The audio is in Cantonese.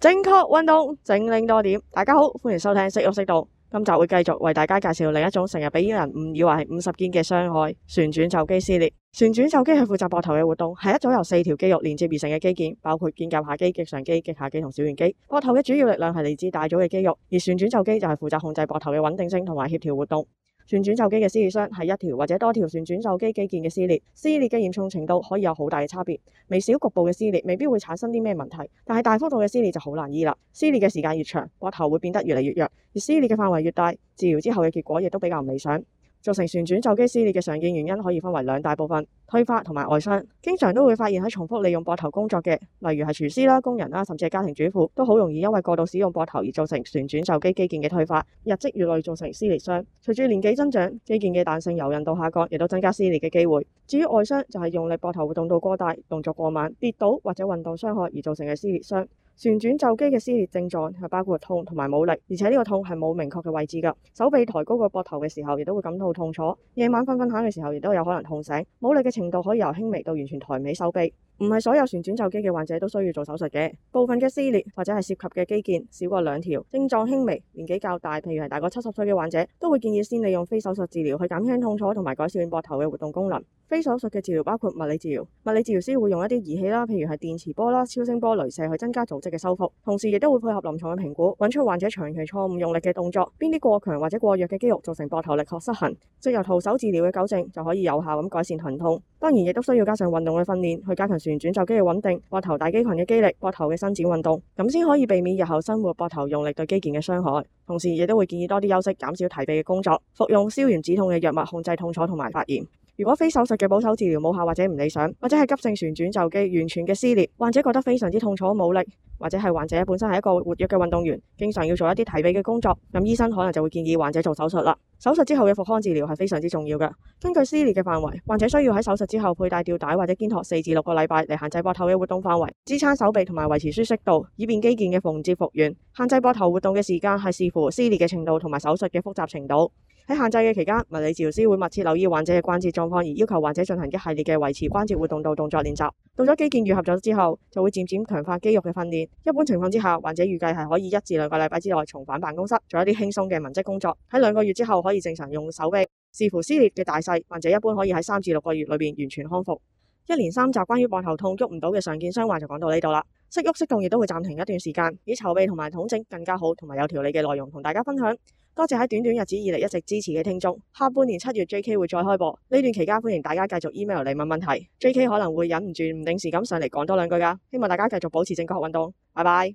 正確運動整領多點，大家好，歡迎收聽識郁適動。今集會繼續為大家介紹另一種成日俾人誤以為係五十肩嘅傷害，旋轉袖肌撕裂。旋轉袖肌係負責膊頭嘅活動，係一組由四條肌肉連接而成嘅肌腱，包括肩胛下肌、棘上肌、棘下肌同小圓肌。膊頭嘅主要力量係嚟自大組嘅肌肉，而旋轉袖肌就係負責控制膊頭嘅穩定性同埋協調活動。旋轉袖肌嘅撕裂傷係一條或者多條旋轉袖肌肌腱嘅撕裂，撕裂嘅嚴重程度可以有好大嘅差別。微小局部嘅撕裂未必會產生啲咩問題，但係大幅度嘅撕裂就好難醫啦。撕裂嘅時間越長，膊頭會變得越嚟越弱，而撕裂嘅範圍越大，治療之後嘅結果亦都比較唔理想。造成旋轉袖肌撕裂嘅常見原因可以分為兩大部分：退化同埋外傷。經常都會發現喺重複利用膊頭工作嘅，例如係廚師啦、工人啦，甚至係家庭主婦，都好容易因為過度使用膊頭而造成旋轉袖肌肌腱嘅退化，日積月累造成撕裂傷。隨住年紀增長，肌腱嘅彈性柔韌度下降，亦都增加撕裂嘅機會。至於外傷，就係、是、用力膊頭活動度過大、動作過慢、跌倒或者運動傷害而造成嘅撕裂傷。旋轉袖肌嘅撕裂症狀係包括痛同埋冇力，而且呢個痛係冇明確嘅位置㗎。手臂抬高過膊頭嘅時候，亦都會感到痛楚。夜晚瞓瞓下嘅時候，亦都有可能痛醒。冇力嘅程度可以由輕微到完全抬唔起手臂。唔係所有旋轉袖肌嘅患者都需要做手術嘅。部分嘅撕裂或者係涉及嘅肌腱少過兩條，症狀輕微，年紀較大，譬如係大過七十歲嘅患者，都會建議先利用非手術治療去減輕痛楚同埋改善膊頭嘅活動功能。非手術嘅治療包括物理治療，物理治療師會用一啲儀器啦，譬如係電磁波啦、超聲波、雷射去增加組織嘅修復，同時亦都會配合臨床嘅評估，揾出患者長期錯誤用力嘅動作，邊啲過強或者過弱嘅肌肉造成膊頭力學失衡，藉由徒手治療嘅糾正就可以有效咁改善疼痛。當然亦都需要加上運動嘅訓練，去加強旋轉袖肌嘅穩定、膊頭大肌群嘅肌力、膊頭嘅伸展運動，咁先可以避免日後生活膊頭用力對肌腱嘅傷害。同時亦都會建議多啲休息，減少提臂嘅工作，服用消炎止痛嘅藥物控制痛楚同埋發炎。如果非手術嘅保守治療無效或者唔理想，或者係急性旋轉袖肌完全嘅撕裂，患者覺得非常之痛楚、冇力，或者係患者本身係一個活躍嘅運動員，經常要做一啲提臂嘅工作，咁醫生可能就會建議患者做手術啦。手術之後嘅復康治療係非常之重要嘅。根據撕裂嘅範圍，患者需要喺手術之後佩戴吊帶或者肩托四至六個禮拜嚟限制膊頭嘅活動範圍，支撐手臂同埋維持舒適度，以便肌腱嘅縫接復原。限制膊頭活動嘅時間係視乎撕裂嘅程度同埋手術嘅複雜程度。喺限制嘅期間，物理治療師會密切留意患者嘅關節狀況，而要求患者進行一系列嘅維持關節活動度動作練習。到咗肌腱愈合咗之後，就會漸漸強化肌肉嘅訓練。一般情況之下，患者預計係可以一至兩個禮拜之內重返辦公室，做一啲輕鬆嘅文職工作。喺兩個月之後，可以正常用手臂。視乎撕裂嘅大細，患者一般可以喺三至六個月裏面完全康復。一連三集關於膊頭痛喐唔到嘅常見傷患就講到呢度啦。識郁適動亦都會暫停一段時間，以籌備同埋統整更加好同埋有條理嘅內容同大家分享。多謝喺短短日子以嚟一直支持嘅聽眾，下半年七月 J K 會再開播，呢段期間歡迎大家繼續 email 嚟問問問題，J K 可能會忍唔住唔定時咁上嚟講多兩句㗎，希望大家繼續保持正確運動，拜拜。